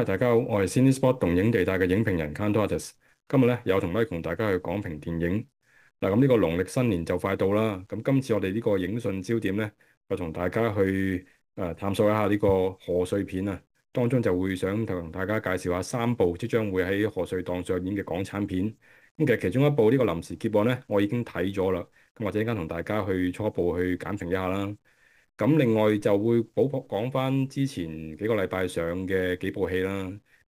Hi, 大家好，我係 Cinespot 動映地帶嘅影評人 Kantorates，今日咧又同 Michael 同大家去講評電影。嗱，咁、這、呢個農曆新年就快到啦，咁今次我哋呢個影訊焦點咧，就同大家去誒、呃、探索一下呢個賀歲片啊。當中就會想同大家介紹下三部即將會喺賀歲檔上演嘅港產片。咁其實其中一部、這個、臨呢個臨時劫案咧，我已經睇咗啦，咁或者依家同大家去初步去簡評一下啦。咁另外就會補講翻之前幾個禮拜上嘅幾部戲啦。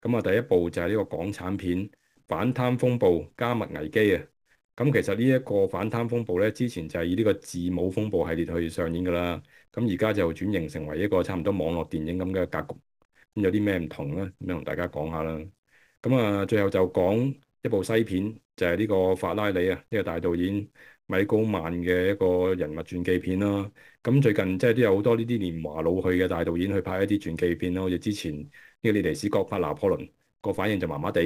咁啊，第一部就係呢個港產片《反貪風暴加密危機》啊。咁其實呢一個反貪風暴呢，之前就係以呢個字母風暴系列去上演噶啦。咁而家就轉型成為一個差唔多網絡電影咁嘅格局。咁有啲咩唔同呢？咁樣同大家講下啦。咁啊，最後就講一部西片，就係呢個法拉利啊，呢個大導演。米高曼嘅一個人物傳記片啦、啊，咁最近即係都有好多呢啲年華老去嘅大導演去拍一啲傳記片啦、啊。好似之前呢，李迪斯國拍拿破崙，個反應就麻麻地，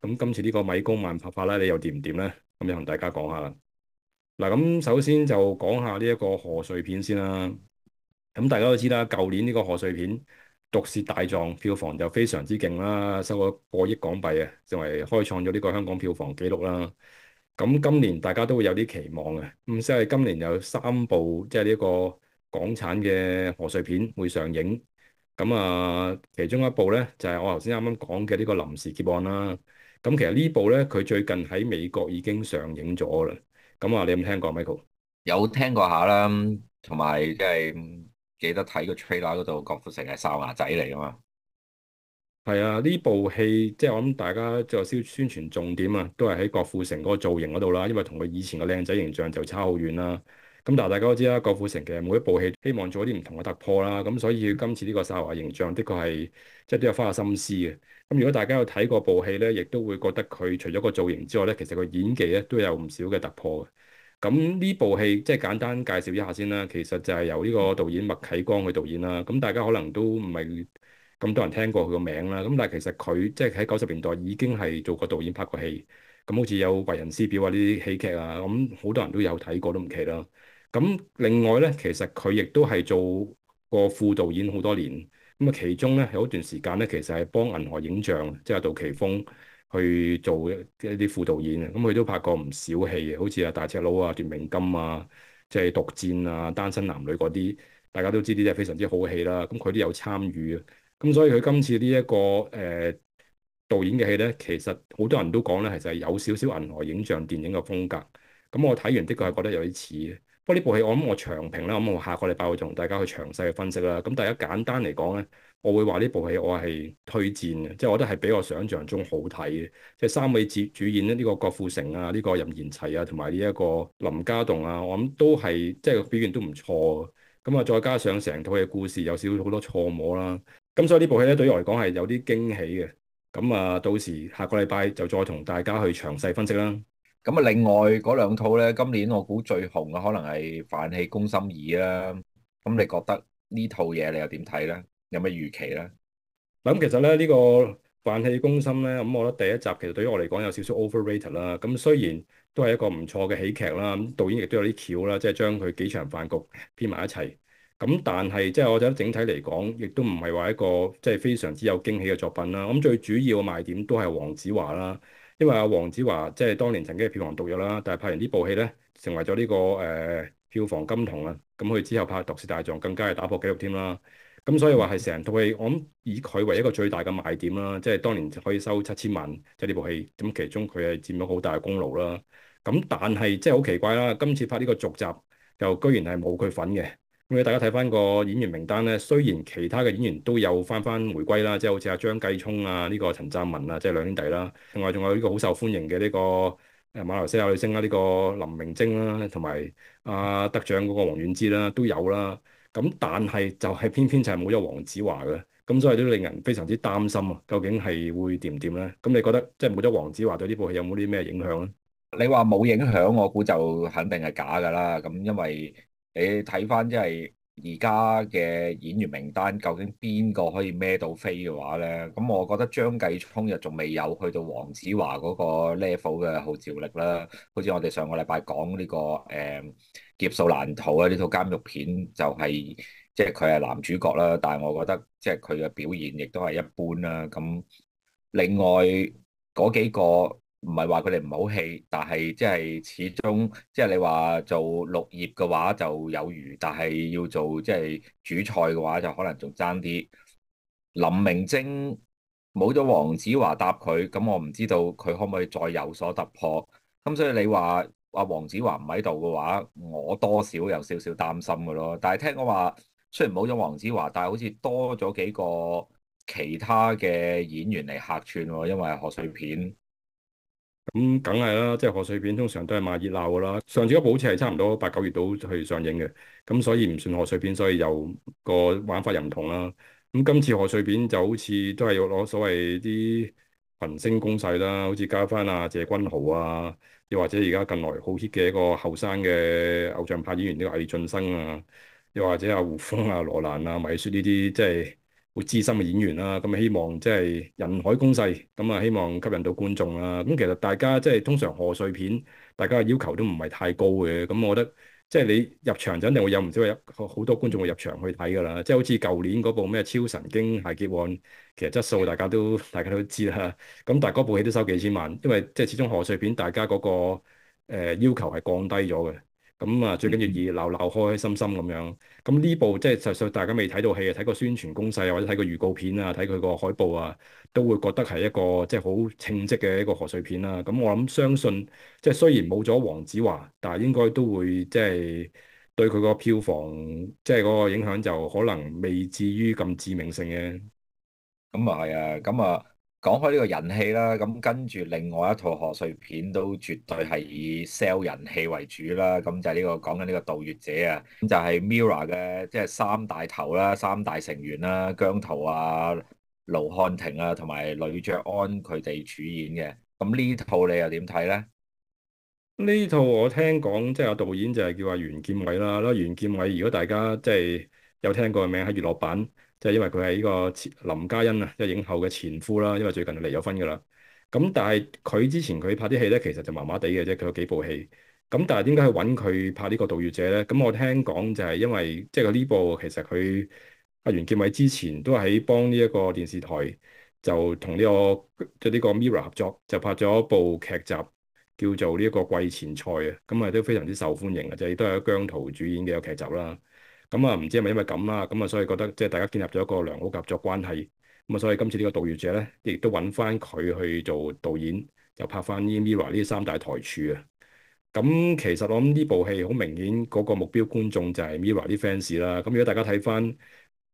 咁今次呢個米高曼拍法咧，你又掂唔掂咧？咁就同大家講下啦。嗱，咁首先就講下呢一個賀歲片先啦。咁大家都知啦，舊年呢個賀歲片《毒舌大狀》票房就非常之勁啦，收咗過億港幣啊，成為開創咗呢個香港票房紀錄啦。咁今年大家都會有啲期望嘅，咁即係今年有三部即係呢個港產嘅賀歲片會上映，咁啊其中一部咧就係、是、我頭先啱啱講嘅呢個臨時結案啦。咁其實部呢部咧佢最近喺美國已經上映咗啦。咁啊，你有冇聽過 Michael？有聽過，有聽過下啦，同埋即係記得睇個 trailer 嗰度，郭富城係哨牙仔嚟啊嘛～係啊，呢部戲即係我諗大家就宣傳重點啊，都係喺郭富城嗰個造型嗰度啦。因為同佢以前個靚仔形象就差好遠啦。咁但係大家都知啦，郭富城嘅每一部戲希望做啲唔同嘅突破啦。咁所以今次呢個曬華形象的確係即係都有花下心思嘅。咁如果大家有睇過部戲咧，亦都會覺得佢除咗個造型之外咧，其實個演技咧都有唔少嘅突破嘅。咁呢部戲即係簡單介紹一下先啦。其實就係由呢個導演麥啟光去導演啦。咁大家可能都唔係。咁多人聽過佢個名啦，咁但係其實佢即係喺九十年代已經係做過導演，拍過戲，咁好似有《為人師表》啊呢啲喜劇啊，咁好多人都有睇過都唔奇啦。咁另外咧，其實佢亦都係做過副導演好多年，咁啊其中咧有一段時間咧，其實係幫銀河影像即係杜琪峰去做一啲副導演，咁佢都拍過唔少戲，好似啊大隻佬啊、奪命金啊，即係、就是《毒戰》啊《單身男女》嗰啲，大家都知啲即係非常之好嘅戲啦。咁佢都有參與。咁所以佢今次呢、這、一個誒、呃、導演嘅戲咧，其實好多人都講咧，其實係有少少銀河映像電影嘅風格。咁我睇完的確係覺得有啲似嘅。不過呢部戲我諗我長評啦，咁我，我下個禮拜會同大家去詳細嘅分析啦。咁但係一簡單嚟講咧，我會話呢部戲我係推薦嘅，即、就、係、是、我覺得係比我想像中好睇嘅。即、就、係、是、三位主主演咧，呢、這個郭富城啊，呢、這個任賢齊啊，同埋呢一個林家棟啊，我諗都係即係表現都唔錯。咁啊，再加上成套嘅故事有少少好多錯摸啦。咁所以呢部戲咧對於我嚟講係有啲驚喜嘅，咁啊到時下個禮拜就再同大家去詳細分析啦。咁啊另外嗰兩套咧，今年我估最紅嘅可能係《飯戲攻心二》啦。咁你覺得呢套嘢你又點睇咧？有咩預期咧？咁其實咧呢個《飯戲攻心》咧，咁我覺得第一集其實對於我嚟講有少少 overrated 啦。咁雖然都係一個唔錯嘅喜劇啦，咁導演亦都有啲橋啦，即係將佢幾場飯局編埋一齊。咁但係即係我覺得整體嚟講，亦都唔係話一個即係非常之有驚喜嘅作品啦。咁最主要嘅賣點都係黃子華啦，因為阿黃子華即係當年曾經係票房毒藥啦，但係拍完呢部戲咧，成為咗呢、這個誒、呃、票房金童啊。咁佢之後拍《毒舌大狀》，更加係打破紀錄添啦。咁所以話係成套戲，我諗以佢為一個最大嘅賣點啦。即係當年可以收七千萬，即係呢部戲，咁其中佢係佔咗好大嘅功勞啦。咁但係即係好奇怪啦，今次拍呢個續集，就居然係冇佢份嘅。咁大家睇翻個演員名單咧，雖然其他嘅演員都有翻翻回歸啦，即係好似阿張繼聰啊、呢個陳湛文啊，即係兩兄弟啦，另外仲有呢個好受歡迎嘅呢個誒馬來西亞女星啦，呢個林明晶啦，同埋阿得獎嗰個王菀之啦都有啦。咁但係就係偏偏就係冇咗黃子華嘅，咁所以都令人非常之擔心啊！究竟係會掂唔掂咧？咁你覺得即係冇咗黃子華對呢部戲有冇啲咩影響咧？你話冇影響，我估就肯定係假噶啦。咁因為你睇翻即係而家嘅演員名單，究竟邊個可以孭到飛嘅話咧？咁我覺得張繼聰又仲未有去到黃子華嗰個 level 嘅號召力啦。好似我哋上個禮拜講呢、這個誒、呃、劫數難逃啊，呢套監獄片就係即係佢係男主角啦，但係我覺得即係佢嘅表現亦都係一般啦。咁另外嗰幾個。唔係話佢哋唔好戲，但係即係始終即係你話做綠葉嘅話就有餘，但係要做即係主菜嘅話就可能仲爭啲。林明禎冇咗黃子華搭佢，咁我唔知道佢可唔可以再有所突破。咁所以你話阿黃子華唔喺度嘅話，我多少有少少擔心噶咯。但係聽講話雖然冇咗黃子華，但係好似多咗幾個其他嘅演員嚟客串喎，因為賀歲片。咁梗係啦，即係賀歲片通常都係賣熱鬧噶啦。上次一部好似係差唔多八九月度去上映嘅，咁、嗯、所以唔算賀歲片，所以又個玩法又唔同啦。咁、嗯、今次賀歲片就好似都係要攞所謂啲群星攻勢啦，好似加翻阿、啊、謝君豪啊，又或者而家近來好 hit 嘅一個後生嘅偶像派演員呢個魏浚笙啊，又或者阿、啊、胡楓啊、羅蘭啊、米雪呢啲，即係。好資深嘅演員啦、啊，咁希望即係人海攻勢，咁啊希望吸引到觀眾啦、啊。咁其實大家即係通常賀歲片，大家要求都唔係太高嘅。咁我覺得即係你入場，就一定會有唔少好多觀眾會入場去睇㗎啦。即係好似舊年嗰部咩超神經械劫案，其實質素大家都大家都知啦。咁但係部戲都收幾千萬，因為即係始終賀歲片，大家嗰個誒要求係降低咗嘅。咁啊，最緊要熱熱鬧鬧開開心心咁樣。咁呢部即係實際大家未睇到戲啊，睇過宣傳攻勢啊，或者睇過預告片啊，睇佢個海報啊，都會覺得係一個即係好稱職嘅一個賀歲片啦。咁我諗相信，即係雖然冇咗黃子華，但係應該都會即係對佢個票房即係嗰個影響就可能未至於咁致命性嘅。咁啊係啊，咁、嗯、啊。嗯嗯。講開呢個人氣啦，咁跟住另外一套賀歲片都絕對係以 sell 人氣為主啦，咁就係呢個講緊呢個《盜月者》啊，咁就係 Mirror 嘅即係三大頭啦、三大成員啦，姜濤啊、盧瀚霆啊同埋呂爵安佢哋主演嘅，咁呢套你又點睇咧？呢套我聽講即係有導演就係叫阿袁劍偉啦，啦袁劍偉，如果大家即係有聽過嘅名喺娛樂版。即係因為佢係呢個前林嘉欣啊，即係影后嘅前夫啦。因為最近就離咗婚㗎啦。咁但係佢之前佢拍啲戲咧，其實就麻麻地嘅啫。佢有幾部戲。咁但係點解去揾佢拍呢個《盜月者》咧？咁我聽講就係因為即係呢部其實佢阿袁劍偉之前都喺幫呢一個電視台就同呢個即呢個 Mirror 合作，就拍咗一部劇集叫做呢一個《季前賽》啊。咁啊都非常之受歡迎嘅，就亦都係姜濤主演嘅一個劇集啦。咁啊，唔、嗯、知係咪因為咁啦？咁、嗯、啊，所以覺得即係大家建立咗一個良好合作關係。咁、嗯、啊，所以今次呢個盜月者咧，亦都揾翻佢去做導演，就拍翻呢 Mirror 呢三大台柱啊。咁、嗯、其實我諗呢部戲好明顯嗰個目標觀眾就係 Mirror 啲 fans 啦。咁、嗯、如果大家睇翻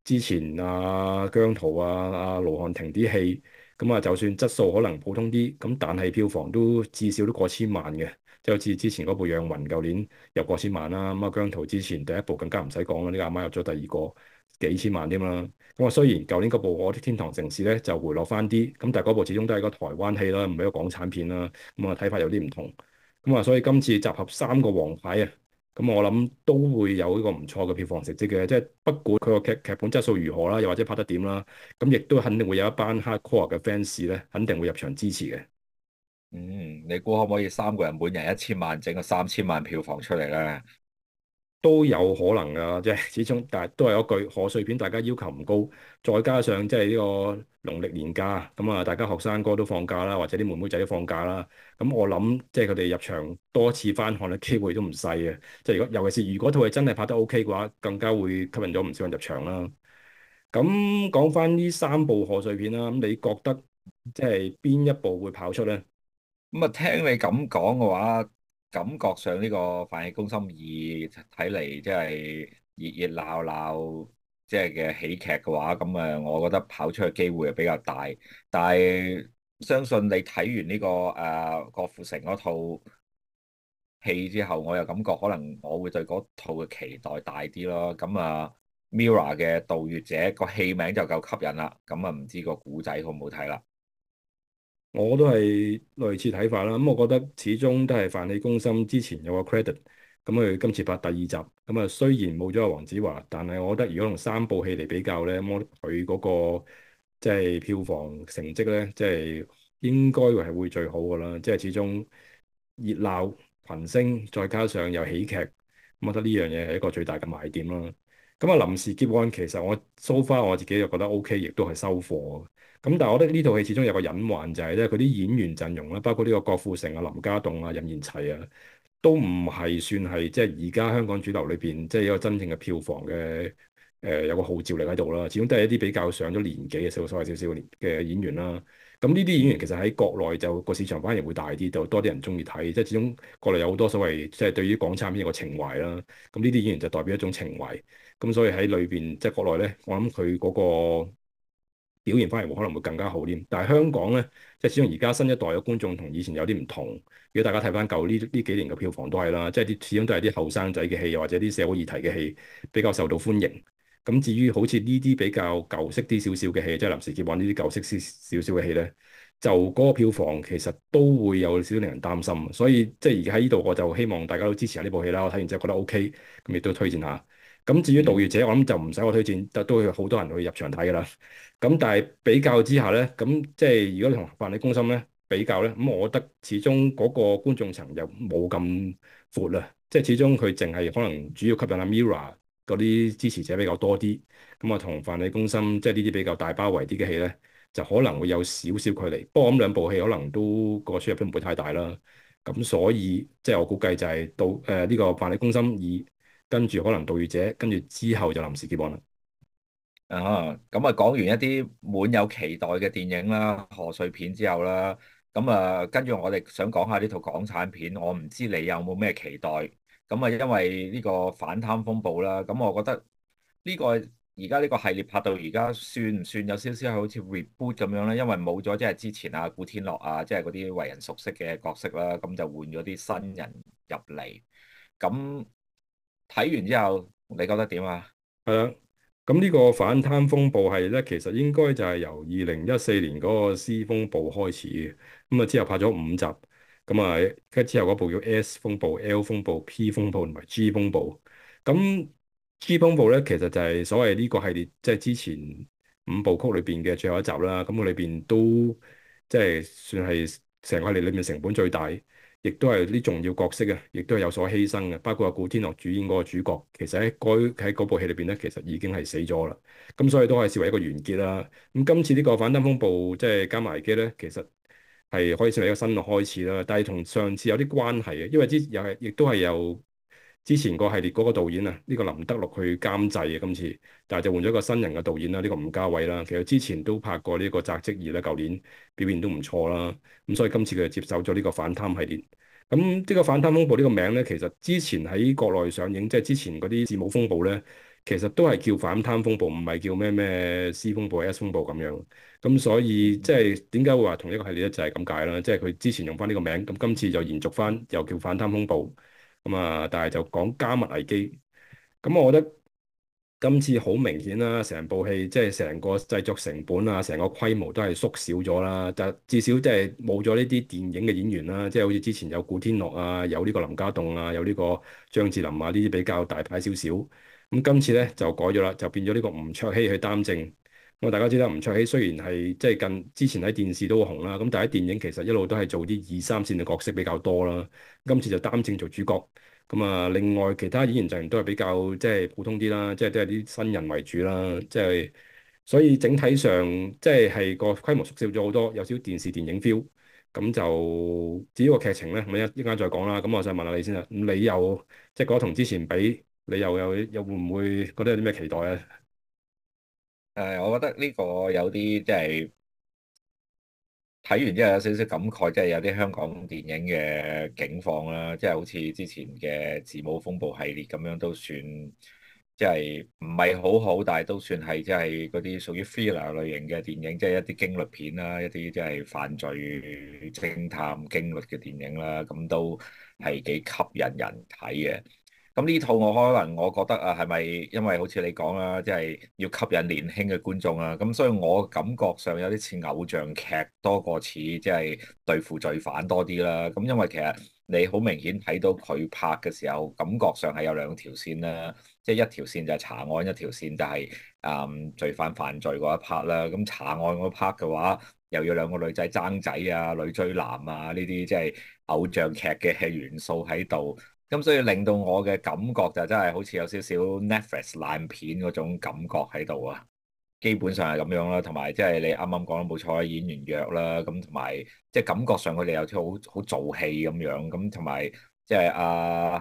之前啊姜濤啊啊盧瀚霆啲戲，咁、嗯、啊就算質素可能普通啲，咁、嗯、但係票房都至少都過千萬嘅。即係好似之前嗰部《讓雲》，舊年入過千萬啦。咁啊，姜濤之前第一部更加唔使講啦，呢個阿媽入咗第二個幾千萬添啦。咁啊，雖然舊年嗰部《我的天堂城市呢》咧就回落返啲，咁但係嗰部始終都係個台灣戲啦，唔係一個港產片啦。咁啊，睇法有啲唔同。咁啊，所以今次集合三個王牌啊，咁我諗都會有呢個唔錯嘅票房成績嘅。即係不管佢個劇劇本質素如何啦，又或者拍得點啦，咁亦都肯定會有一班 hardcore 嘅 fans 咧，肯定會入場支持嘅。嗯，你估可唔可以三個人每人一千萬，整個三千萬票房出嚟咧？都有可能噶，即係始終，但係都係嗰句賀歲片，大家要求唔高，再加上即係呢個農曆年假，咁、嗯、啊，大家學生哥都放假啦，或者啲妹妹仔都放假啦。咁、嗯、我諗，即係佢哋入場多次翻看咧，機會都唔細嘅。即係如果，尤其是如果套戲真係拍得 O K 嘅話，更加會吸引咗唔少人入場啦。咁講翻呢三部賀歲片啦，咁、嗯、你覺得即係邊一部會跑出咧？咁啊、嗯，聽你咁講嘅話，感覺上呢、這個《飯戲攻心2》睇嚟即係熱熱鬧鬧，即係嘅喜劇嘅話，咁、嗯、啊，我覺得跑出嘅機會係比較大。但係相信你睇完呢、這個誒郭、啊、富城嗰套戲之後，我又感覺可能我會對嗰套嘅期待大啲咯。咁、嗯、啊，Mirror 嘅《盜月者》個戲名就夠吸引啦。咁、嗯、啊，唔知個古仔好唔好睇啦？我都係類似睇法啦，咁、嗯、我覺得始終都係飯戲攻心。之前有個 credit，咁、嗯、佢今次拍第二集，咁、嗯、啊，雖然冇咗阿黃子華，但係我覺得如果用三部戲嚟比較咧，咁、嗯、我覺得佢嗰個即係票房成績咧，即係應該係會最好噶啦。即係始終熱鬧群星，再加上有喜劇，嗯、我覺得呢樣嘢係一個最大嘅賣點啦。咁啊，臨時劫案，其實我 so far 我自己又覺得 OK，亦都係收貨。咁但係我覺得呢套戲始終有個隱患就係咧，佢啲演員陣容啦，包括呢個郭富城啊、林家棟啊、任賢齊啊，都唔係算係即係而家香港主流裏邊即係一個真正嘅票房嘅誒、呃，有個號召力喺度啦。始終都係一啲比較上咗年紀嘅，所謂少少嘅演員啦。咁呢啲演員其實喺國內就個市場反而會大啲，就多啲人中意睇，即係始終國內有好多所謂即係對於港產片有個情懷啦。咁呢啲演員就代表一種情懷，咁所以喺裏邊即係國內咧，我諗佢嗰個。表現翻嚟可能會更加好啲，但係香港呢，即係始終而家新一代嘅觀眾同以前有啲唔同。如果大家睇翻舊呢呢幾年嘅票房都係啦，即係啲始終都係啲後生仔嘅戲，或者啲社會議題嘅戲比較受到歡迎。咁至於好似呢啲比較舊式啲少少嘅戲，即係臨時劫案玩呢啲舊式少少嘅戲呢，就嗰個票房其實都會有少少令人擔心。所以即係而家喺呢度，我就希望大家都支持下呢部戲啦。我睇完之後覺得 OK，咁亦都推薦下。咁至於盜月者，我諗就唔使我推薦，都都係好多人去入場睇噶啦。咁 但係比較之下咧，咁即係如果你同《飯戲攻心》咧比較咧，咁我覺得始終嗰個觀眾層又冇咁闊啦，即係始終佢淨係可能主要吸引阿 Mirror 嗰啲支持者比較多啲。咁啊，同《飯戲攻心》即係呢啲比較大包圍啲嘅戲咧，就可能會有少少距離。不過咁兩部戲可能都、那個輸入都唔會太大啦。咁所以即係我估計就係到誒呢、呃這個《飯戲攻心》以。跟住可能《盜月者》，跟住之後就臨時劫案啦。啊，咁啊，講完一啲滿有期待嘅電影啦，賀歲片之後啦，咁、嗯、啊、嗯，跟住我哋想講下呢套港產片，我唔知你有冇咩期待？咁、嗯、啊、嗯，因為呢個反貪風暴啦，咁、嗯、我覺得呢、呢個而家呢個系列拍到而家算唔算有少少係好似 reboot 咁樣咧？因為冇咗即係之前啊古天樂啊，即係嗰啲為人熟悉嘅角色啦，咁、嗯嗯、就換咗啲新人入嚟，咁、嗯。睇完之後，你覺得點啊？係啦，咁呢個反貪風暴係咧，其實應該就係由二零一四年嗰個 C 風暴開始嘅，咁啊之後拍咗五集，咁啊跟之後嗰部叫 S 風暴、L 風暴、P 風暴同埋 G 風暴，咁 G 風暴咧其實就係所謂呢個系列，即係之前五部曲裏邊嘅最後一集啦。咁佢裏邊都即係算係成個系列裏面成本最大。亦都係啲重要角色啊，亦都係有所犧牲嘅，包括阿古天樂主演嗰個主角，其實喺該喺嗰部戲裏邊咧，其實已經係死咗啦。咁所以都係視為一個完結啦。咁今次呢個反貪風暴即係加密危機咧，其實係可以成為一個新嘅開始啦。但係同上次有啲關係嘅，因為之又係亦都係有，之前個系列嗰個導演啊，呢個林德祿去監製啊，今次但係就換咗一個新人嘅導演啦，呢個吳家偉啦。其實之前都拍過呢個《扎職二》啦，舊年表現都唔錯啦。咁所以今次佢就接受咗呢個反貪系列。咁呢個反貪風暴呢個名咧，其實之前喺國內上映，即係之前嗰啲《字母風暴》咧，其實都係叫反貪風暴，唔係叫咩咩 C 風暴、S 風暴咁樣。咁所以即係點解會話同一個系列咧，就係咁解啦。即係佢之前用翻呢個名，咁今次就延續翻，又叫反貪風暴。咁啊、嗯，但係就講加密危機。咁、嗯、我覺得今次好明顯啦，成部戲即係成個製作成本啊，成個規模都係縮小咗啦。但至少即係冇咗呢啲電影嘅演員啦，即係好似之前有古天樂啊，有呢個林家棟啊，有呢個張智霖啊，呢啲比較大牌少少。咁、嗯、今次咧就改咗啦，就變咗呢個吳卓羲去擔正。我大家知道，吳卓羲雖然係即係近之前喺電視都會紅啦，咁但係喺電影其實一路都係做啲二三線嘅角色比較多啦。今次就擔正做主角，咁啊，另外其他演員陣容都係比較即係普通啲啦，即係都係啲新人為主啦，即係所以整體上即係係個規模縮小咗好多，有少少電視電影 feel。咁就至於個劇情呢，一我一一陣間再講啦。咁我想問下你先啦，咁你又即係講同之前比，你又又又會唔會覺得有啲咩期待啊？誒，我覺得呢個有啲即係睇完之後有少少感慨，即係有啲香港電影嘅境況啦，即係好似之前嘅《字母風暴》系列咁樣，都算即係唔係好好，但係都算係即係嗰啲屬於 thriller 類型嘅電影，即係一啲驚慄片啦，一啲即係犯罪偵探驚慄嘅電影啦，咁都係幾吸引人睇嘅。咁呢套我可能我覺得啊，係咪因為好似你講啦，即係要吸引年輕嘅觀眾啊？咁所以我感覺上有啲似偶像劇多過似即係對付罪犯多啲啦。咁因為其實你好明顯睇到佢拍嘅時候，感覺上係有兩條線啦，即係一條線就係查案，一條線就係啊罪犯犯罪嗰一 part 啦。咁查案嗰 part 嘅話，又要兩個女仔爭仔啊，女追男啊呢啲即係偶像劇嘅元素喺度。咁、嗯、所以令到我嘅感覺就真係好似有少少 Netflix 爛片嗰種感覺喺度啊，基本上係咁樣啦。同埋即係你啱啱講得冇錯，演員弱啦。咁同埋即係感覺上佢哋有啲好好做戲咁樣。咁同埋即係阿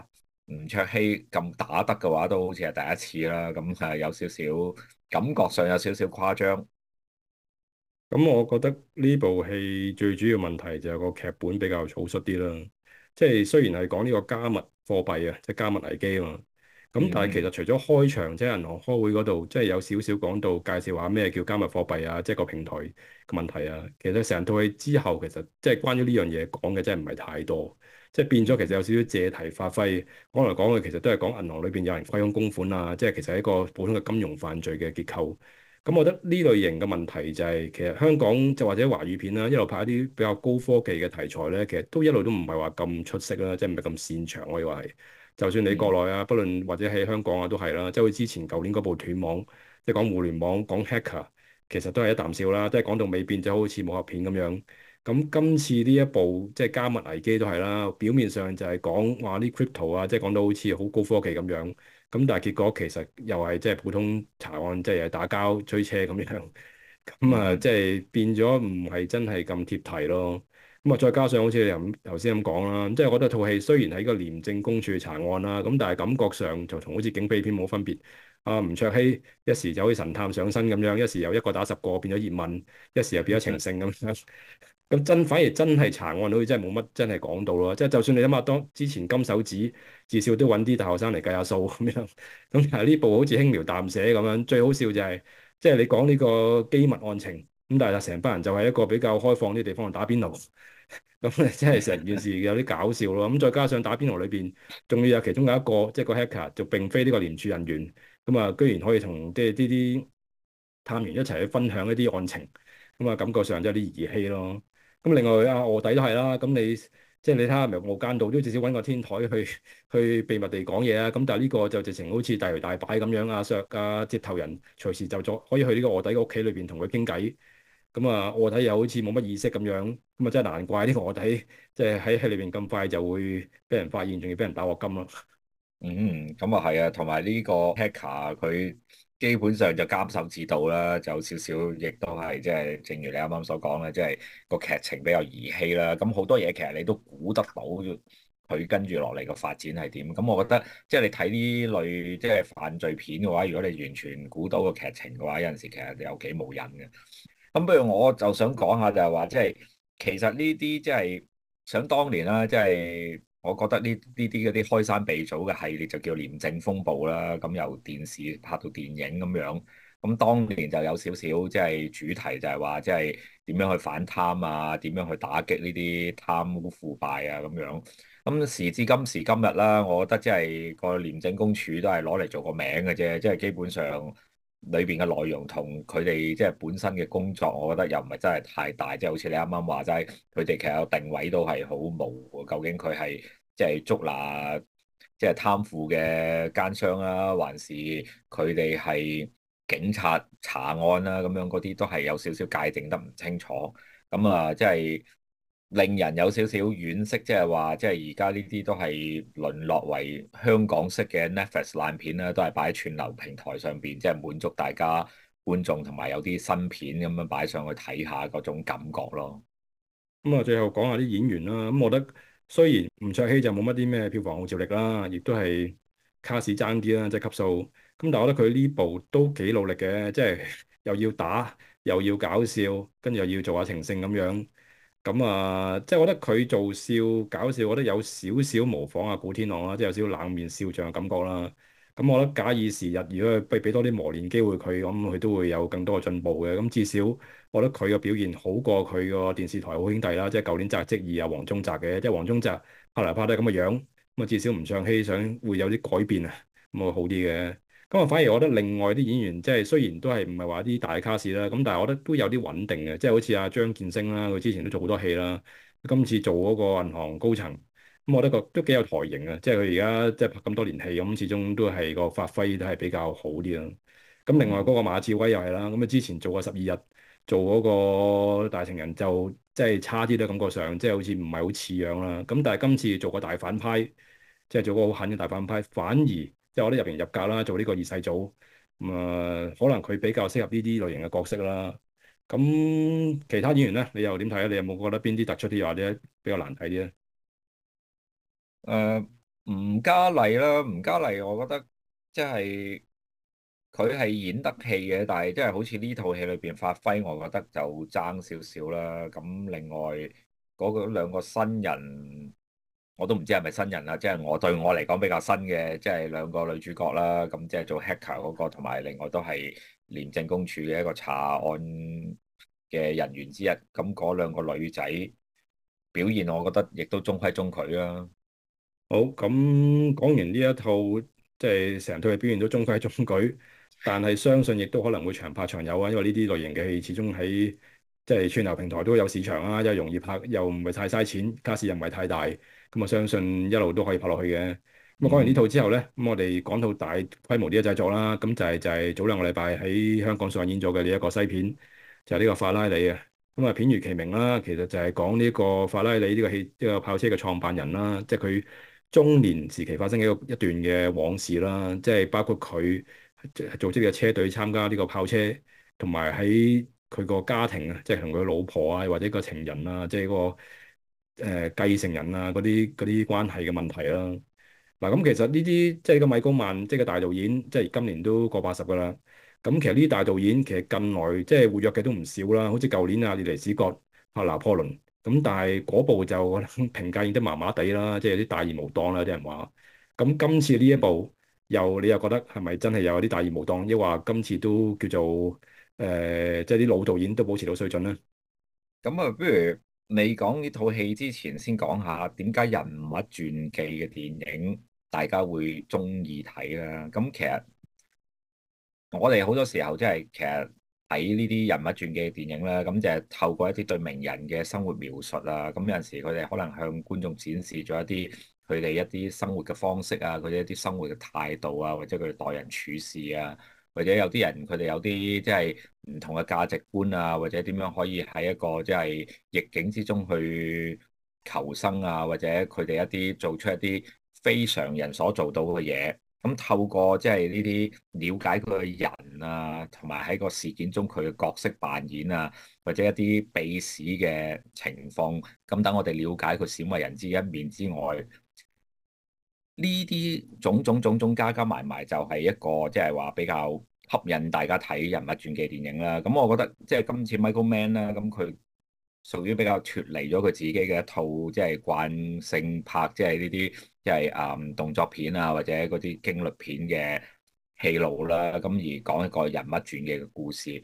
吳卓羲咁打得嘅話，都好似係第一次啦。咁係有少少感覺上有少少誇張。咁、嗯、我覺得呢部戲最主要問題就係個劇本比較草率啲啦。即係雖然係講呢個加密貨幣啊，即係加密危機啊嘛，咁但係其實除咗開場、嗯、即係銀行開會嗰度，即係有少少講到介紹話咩叫加密貨幣啊，即係個平台嘅問題啊，其實成套戲之後其實即係關於呢樣嘢講嘅真係唔係太多，即係變咗其實有少少借題發揮，可能講嘅其實都係講銀行裏邊有人虧空公款啊，即係其實係一個普通嘅金融犯罪嘅結構。咁我覺得呢類型嘅問題就係其實香港就或者華語片啦，一路拍一啲比較高科技嘅題材咧，其實都一路都唔係話咁出色啦，即係唔係咁擅長我以為就算你國內啊，不論或者喺香港啊都係啦，即係佢之前舊年嗰部斷網，即係講互聯網講 Hacker，其實都係一啖笑啦，即係講到尾變就好似武俠片咁樣。咁今次呢一部即係加密危機都係啦，表面上就係講話啲 crypto 啊，即係講到好似好高科技咁樣。咁但係結果其實又係即係普通查案，即係又打交、追車咁樣，咁啊即係變咗唔係真係咁貼題咯。咁啊再加上好似你咁頭先咁講啦，即係我覺得套戲雖然喺個廉政公署查案啦，咁但係感覺上就同好似警匪片冇分別。阿、啊、吳卓羲一時就好似神探上身咁樣，一時又一個打十個變咗葉問，一時又變咗情聖咁樣。 咁真反而真係查案好似真係冇乜真係講到咯。即係就算你諗下，當之前金手指至少都揾啲大學生嚟計下數咁樣。咁但係呢部好似輕描淡寫咁樣。最好笑就係即係你講呢個機密案情，咁但係成班人就係一個比較開放啲地方打邊爐。咁咧真係成件事有啲搞笑咯。咁再加上打邊爐裏邊仲要有其中有一個即係、就是、個黑客，就並非呢個廉署人員。咁啊，居然可以同即係啲啲探員一齊去分享一啲案情。咁啊，感覺上真有啲兒戲咯。咁另外啊，臥底都係啦。咁你即係、就是、你睇下，唔係無間道都至少揾個天台去去秘密地講嘢啊。咁但係呢個就直情好似大搖大擺咁樣，阿削啊、接頭人隨時就坐，可以去呢個臥底嘅屋企裏邊同佢傾偈。咁啊，臥底又好似冇乜意識咁樣，咁啊真係難怪呢個臥底即係喺喺裏邊咁快就會俾人發現，仲要俾人打鑊金囉。嗯，咁又係啊，同埋呢個 hacker 佢。基本上就監守自盜啦，就少少亦都係即係，就是、正如你啱啱所講啦，即係個劇情比較兒戲啦。咁好多嘢其實你都估得到佢跟住落嚟嘅發展係點。咁我覺得即係、就是、你睇呢類即係、就是、犯罪片嘅話，如果你完全估到個劇情嘅話，有陣時其實有幾冇癮嘅。咁不如我就想講下就係話，即、就、係、是、其實呢啲即係想當年啦、啊，即、就、係、是。我覺得呢呢啲啲開山鼻祖嘅系列就叫廉政風暴啦，咁由電視拍到電影咁樣，咁當年就有少少即係主題就係話即係點樣去反貪啊，點樣去打擊呢啲貪污腐敗啊咁樣，咁時至今時今日啦，我覺得即係個廉政公署都係攞嚟做個名嘅啫，即係基本上。裏邊嘅內容同佢哋即係本身嘅工作，我覺得又唔係真係太大，即係好似你啱啱話齋，佢哋其實定位都係好模糊。究竟佢係即係捉拿、即係貪腐嘅奸商啦、啊，還是佢哋係警察查案啦、啊？咁樣嗰啲都係有少少界定得唔清楚。咁啊，即係。令人有少少惋惜，即係話，即係而家呢啲都係淪落為香港式嘅 Netflix 爛片啦，都係擺喺串流平台上邊，即係滿足大家觀眾同埋有啲新片咁樣擺上去睇下嗰種感覺咯。咁啊，最後講下啲演員啦。咁我覺得雖然吳卓羲就冇乜啲咩票房號召力啦，亦都係卡士爭啲啦，即係級數。咁但係我覺得佢呢部都幾努力嘅，即係又要打又要搞笑，跟住又要做下情聖咁樣。咁啊、嗯，即係我覺得佢做笑搞笑，我覺得有少少模仿啊古天樂啦，即係有少少冷面笑匠嘅感覺啦。咁、嗯、我覺得假以時日，如果俾俾多啲磨練機會佢，咁佢、嗯、都會有更多嘅進步嘅。咁、嗯、至少我覺得佢嘅表現好過佢個電視台好兄弟啦，即係舊年就係職二啊黃宗澤嘅。即係黃宗澤拍嚟拍去咁嘅樣，咁啊至少唔唱戲想會有啲改變啊，咁、嗯、啊、嗯、好啲嘅。咁啊，反而我覺得另外啲演員，即係雖然都係唔係話啲大卡士啦，咁但係我覺得都有啲穩定嘅，即係好似阿張建聲啦，佢之前都做好多戲啦，今次做嗰個銀行高層，咁、嗯、我都覺得都幾有台型啊！即係佢而家即係拍咁多年戲，咁始終都係個發揮都係比較好啲咯。咁另外嗰個馬志威又係啦，咁啊之前做過十二日做嗰個大情人就即係差啲都感覺上，即係好似唔係好似樣啦。咁但係今次做個大反派，即係做個好狠嘅大反派，反而。即係啲入型入格啦，做呢個二世祖，咁、呃、啊可能佢比較適合呢啲類型嘅角色啦。咁、嗯、其他演員咧，你又點睇啊？你有冇覺得邊啲突出啲，或者比較難睇啲咧？誒、呃，吳家麗啦，吳家麗，我覺得即係佢係演得戲嘅，但係即係好似呢套戲裏邊發揮，我覺得就爭少少啦。咁另外嗰、那個、兩個新人。我都唔知係咪新人啦，即係我對我嚟講比較新嘅，即係兩個女主角啦，咁即係做 hacker 嗰個同埋另外都係廉政公署嘅一個查案嘅人員之一，咁嗰兩個女仔表現我覺得亦都中規中矩啦。好，咁講完呢一套，即係成套嘅表現都中規中矩，但係相信亦都可能會長拍長有啊，因為呢啲類型嘅戲始終喺即係串流平台都有市場啦，又容易拍，又唔係太嘥錢，卡士又唔係太大。咁啊，我相信一路都可以拍落去嘅。咁啊，嗯，講完呢套之後咧，咁我哋講到大規模啲嘅製作啦。咁就係就係早兩個禮拜喺香港上演咗嘅呢一個西片，就係呢個法拉利啊。咁啊，片如其名啦，其實就係講呢個法拉利呢個汽呢個跑車嘅創辦人啦。即係佢中年時期發生嘅一個一段嘅往事啦。即係包括佢組織嘅車隊參加呢個跑車，同埋喺佢個家庭，即係同佢老婆啊或者個情人啊，即係嗰個。誒，繼、呃、承人啊，嗰啲嗰啲關係嘅問題啦、啊。嗱、啊，咁其實呢啲即係個米高曼，即係個大導演，即係今年都過八十噶啦。咁、嗯、其實呢啲大導演，其實近來即係活躍嘅都唔少啦。好似舊年啊，列尼史葛拍拿破崙，咁、嗯、但係嗰部就評價得麻麻地啦，即係有啲大義無當啦，有啲人話。咁、嗯、今次呢一部又你又覺得係咪真係有啲大義無當，抑或今次都叫做誒、呃，即係啲老導演都保持到水準咧？咁啊，不如。未講呢套戲之前，先講下點解人物傳記嘅電影大家會中意睇啦。咁其實我哋好多時候即係其實睇呢啲人物傳記嘅電影咧，咁就係透過一啲對名人嘅生活描述啊，咁有陣時佢哋可能向觀眾展示咗一啲佢哋一啲生活嘅方式啊，佢哋一啲生活嘅態度啊，或者佢哋待人處事啊。或者有啲人佢哋有啲即係唔同嘅價值觀啊，或者點樣可以喺一個即係逆境之中去求生啊，或者佢哋一啲做出一啲非常人所做到嘅嘢，咁透過即係呢啲了解佢嘅人啊，同埋喺個事件中佢嘅角色扮演啊，或者一啲秘史嘅情況，咁等我哋了解佢少為人知一面之外。呢啲種種種種加加埋埋就係一個即係話比較吸引大家睇人物傳記電影啦。咁我覺得即係今次 Michael Mann 啦，咁佢屬於比較脫離咗佢自己嘅一套即係慣性拍即係呢啲即係啊動作片啊或者嗰啲驚慄片嘅戲路啦。咁而講一個人物傳記嘅故事，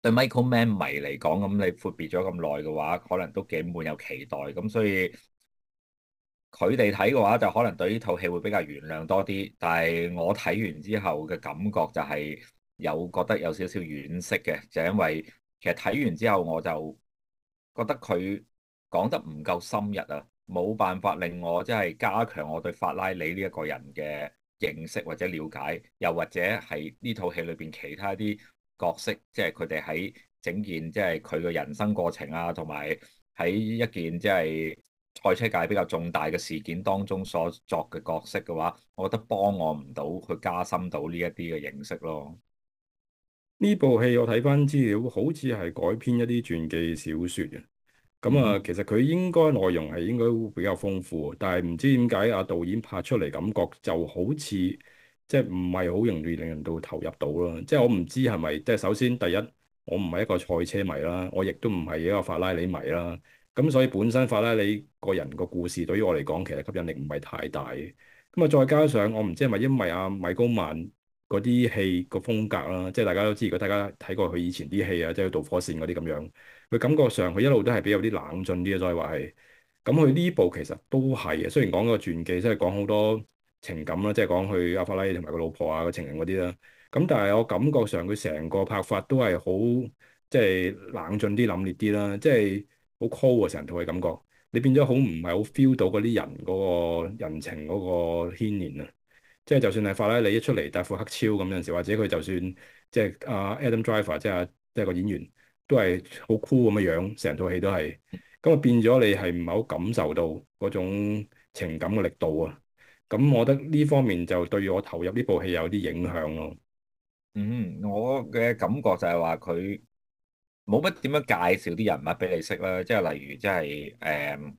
對 Michael Mann 迷嚟講，咁你闊別咗咁耐嘅話，可能都幾滿有期待。咁所以。佢哋睇嘅話，就可能對呢套戲會比較原諒多啲。但係我睇完之後嘅感覺就係有覺得有少少惋惜嘅，就、因為其實睇完之後我就覺得佢講得唔夠深入啊，冇辦法令我即係、即係、加強我對法拉利呢一個人嘅認識或者了解，又或者係呢套戲裏邊其他啲角色，即係佢哋喺整件即係佢嘅人生過程啊，同埋喺一件即係。即係賽車界比較重大嘅事件當中所作嘅角色嘅話，我覺得幫我唔到去加深到呢一啲嘅認識咯。呢部戲我睇翻資料，好似係改編一啲傳記小說嘅。咁啊，嗯、其實佢應該內容係應該比較豐富，但係唔知點解阿導演拍出嚟感覺就好似即係唔係好容易令人到投入到咯。即係我唔知係咪即係首先第一，我唔係一個賽車迷啦，我亦都唔係一個法拉利迷啦。咁所以本身法拉利個人個故事對於我嚟講，其實吸引力唔係太大嘅。咁啊，再加上我唔知係咪因為阿、啊、米高曼嗰啲戲個風格啦，即係大家都知，如果大家睇過佢以前啲戲啊，即係《導火線》嗰啲咁樣，佢感覺上佢一路都係比較啲冷峻啲啊，再話係。咁佢呢部其實都係嘅，雖然講個傳記，即係講好多情感啦，即係講佢阿法拉利同埋個老婆啊、個情人嗰啲啦。咁但係我感覺上佢成個拍法都係好即係冷峻啲、冷冽啲啦，即係。好 cool 啊！成套嘅感覺，你變咗好唔係好 feel 到嗰啲人嗰、嗰個人情嗰、嗰個牽連啊！即係就算係法拉利一出嚟，戴副黑超咁有陣時，或者佢就算即係阿 Adam Driver，即係一個演員，都係好 cool 咁嘅樣，成套戲都係。咁啊變咗你係唔係好感受到嗰種情感嘅力度啊？咁我覺得呢方面就對我投入呢部戲有啲影響咯。嗯，我嘅感覺就係話佢。冇乜點樣介紹啲人物俾你識啦，即係例如即係誒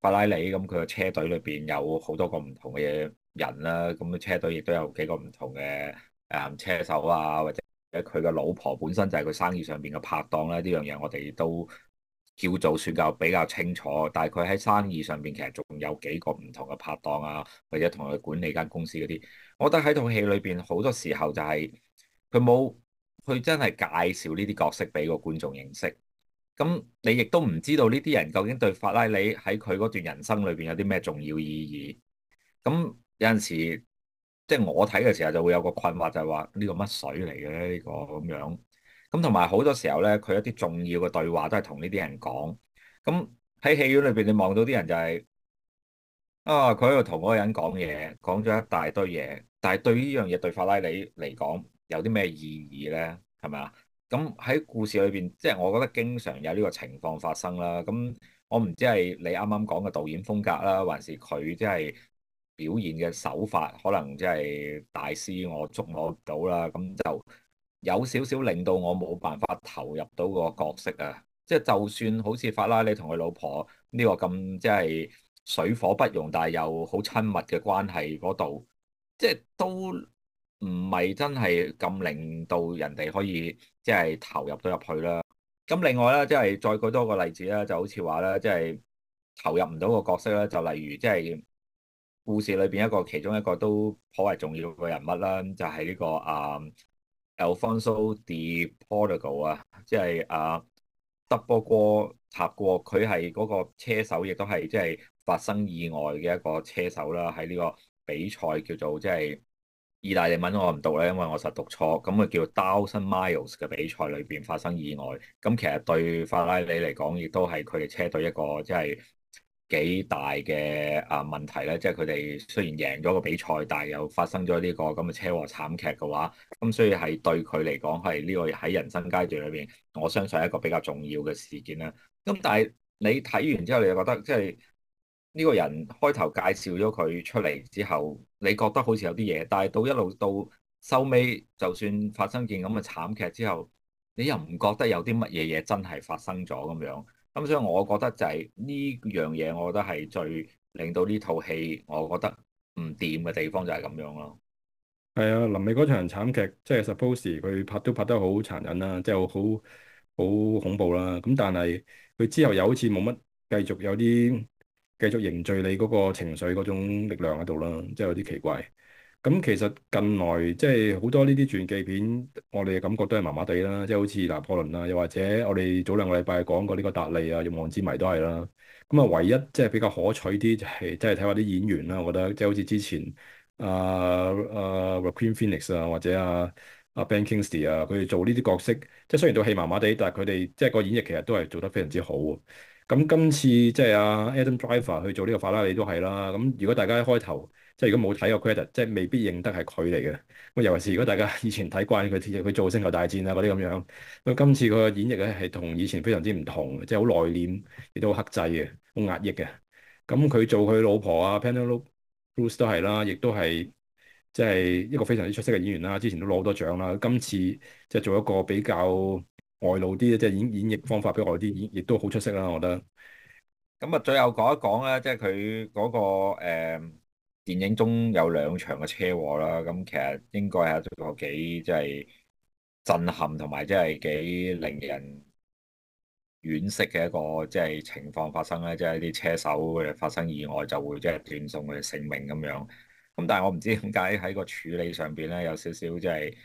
法拉利咁，佢個車隊裏邊有好多個唔同嘅人啦，咁嘅車隊亦都有幾個唔同嘅誒、嗯、車手啊，或者佢嘅老婆本身就係佢生意上邊嘅拍檔啦，呢樣嘢我哋都叫做算較比較清楚。但係佢喺生意上邊其實仲有幾個唔同嘅拍檔啊，或者同佢管理間公司嗰啲，我覺得喺套戲裏邊好多時候就係佢冇。佢真係介紹呢啲角色俾個觀眾認識，咁你亦都唔知道呢啲人究竟對法拉利喺佢嗰段人生裏邊有啲咩重要意義。咁有陣時，即係我睇嘅時候就會有個困惑，就係話呢個乜水嚟嘅咧？呢個咁樣，咁同埋好多時候咧，佢一啲重要嘅對話都係同呢啲人講。咁喺戲院裏邊，你望到啲人就係啊，佢喺度同嗰個人講嘢，講咗一大堆嘢，但係對呢樣嘢對法拉利嚟講，有啲咩意義咧？係咪啊？咁喺故事裏邊，即係我覺得經常有呢個情況發生啦。咁我唔知係你啱啱講嘅導演風格啦，還是佢即係表現嘅手法，可能即係大師，我捉我到啦。咁就有少少令到我冇辦法投入到個角色啊！即係就算好似法拉利同佢老婆呢個咁即係水火不容，但係又好親密嘅關係嗰度，即係都。唔係真係咁令到人哋可以即係、就是、投入到入去啦。咁另外咧，即、就、係、是、再舉多個例子啦，就好似話咧，即、就、係、是、投入唔到個角色咧，就例如即係、就是、故事裏邊一個其中一個都頗為重要嘅人物啦，就係、是、呢、這個阿 Alfonso、uh, de Portago 啊、就是，即係啊德波哥過佢係嗰個車手，亦都係即係發生意外嘅一個車手啦，喺呢個比賽叫做即係。就是意大利文我唔讀咧，因為我實讀錯。咁佢叫 thousand miles 嘅比賽裏邊發生意外，咁其實對法拉利嚟講，亦都係佢哋車隊一個即係幾大嘅啊問題咧。即係佢哋雖然贏咗個比賽，但係又發生咗呢、這個咁嘅車禍慘劇嘅話，咁所以係對佢嚟講係呢個喺人生階段裏邊，我相信係一個比較重要嘅事件啦。咁但係你睇完之後，你就覺得即係。就是。呢個人開頭介紹咗佢出嚟之後，你覺得好似有啲嘢，但係到一路到收尾，就算發生件咁嘅慘劇之後，你又唔覺得有啲乜嘢嘢真係發生咗咁樣？咁、嗯、所以我覺得就係呢樣嘢，這個、我覺得係最令到呢套戲，我覺得唔掂嘅地方就係咁樣咯。係啊，臨尾嗰場慘劇，即係 suppose 佢拍都拍得好殘忍啦，即係好好恐怖啦。咁但係佢之後又好似冇乜繼續有啲。繼續凝聚你嗰個情緒嗰種力量喺度啦，即係有啲奇怪。咁其實近來即係好多呢啲傳記片，我哋嘅感覺都係麻麻地啦。即係好似拿破崙啊，又或者我哋早兩個禮拜講過呢個達利啊、《欲望之迷》都係啦。咁啊，唯一即係比較可取啲就係即係睇下啲演員啦。我覺得即係好似之前啊啊 Joaquin Phoenix 啊，啊 Phoenix，或者啊啊 Ben Kingsley 啊，佢哋做呢啲角色，即係雖然套戲麻麻地，但係佢哋即係個演繹其實都係做得非常之好。咁今次即係阿 Adam Driver 去做呢個法拉利都係啦。咁如果大家一開頭即係如果冇睇過 credit，即係未必認得係佢嚟嘅。咁尤其是如果大家以前睇慣佢佢做星球大戰啊嗰啲咁樣，咁今次佢嘅演繹咧係同以前非常之唔同，即係好內斂，亦都好克制嘅，好壓抑嘅。咁佢做佢老婆啊 Penelope Cruz 都係啦，亦都係即係一個非常之出色嘅演員啦。之前都攞多獎啦。今次即係做一個比較。外露啲，即係演演繹方法比外啲，演亦都好出色啦，我覺得。咁啊，最後講一講咧，即係佢嗰個誒、呃、電影中有兩場嘅車禍啦。咁其實應該係一個幾即係震撼同埋即係幾令人惋惜嘅一個即係、就是、情況發生咧，即、就、係、是、一啲車手佢哋發生意外就會即係斷送佢哋性命咁樣。咁但係我唔知點解喺個處理上邊咧有少少即係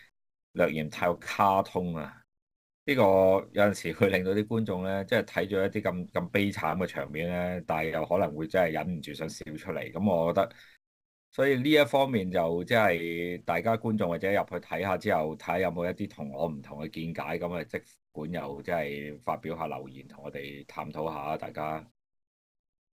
略嫌太卡通啊。呢個有陣時會令到啲觀眾咧，即係睇咗一啲咁咁悲慘嘅場面咧，但係又可能會真係忍唔住想笑出嚟。咁、嗯、我覺得，所以呢一方面就即係大家觀眾或者入去睇下之後，睇下有冇一啲同我唔同嘅見解，咁啊，即管又即係發表下留言，同我哋探討下。大家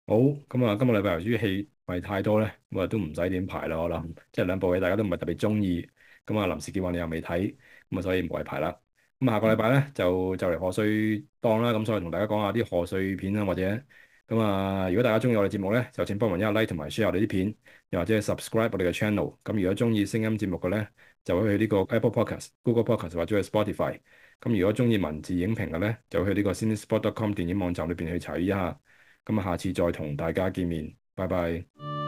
好，咁、嗯、啊，今日禮拜由於戲咪太多咧，咁啊都唔使點排啦。我諗即係兩部戲大家都唔係特別中意，咁、嗯、啊，臨時劫案你又未睇，咁、嗯、啊，所以冇嘢排啦。咁下個禮拜咧就就嚟賀歲檔啦，咁所以同大家講下啲賀歲片啊，或者咁啊，如果大家中意我哋節目咧，就請幫忙一 like 同埋 share 我哋啲片，又或者 subscribe 我哋嘅 channel。咁如果中意聲音節目嘅咧，就去呢個 Apple Podcast、Google Podcast 或者去 Spotify。咁如果中意文字影評嘅咧，就去呢個 Cinespot.com 電影網站裏邊去查一下。咁啊，下次再同大家見面，拜拜。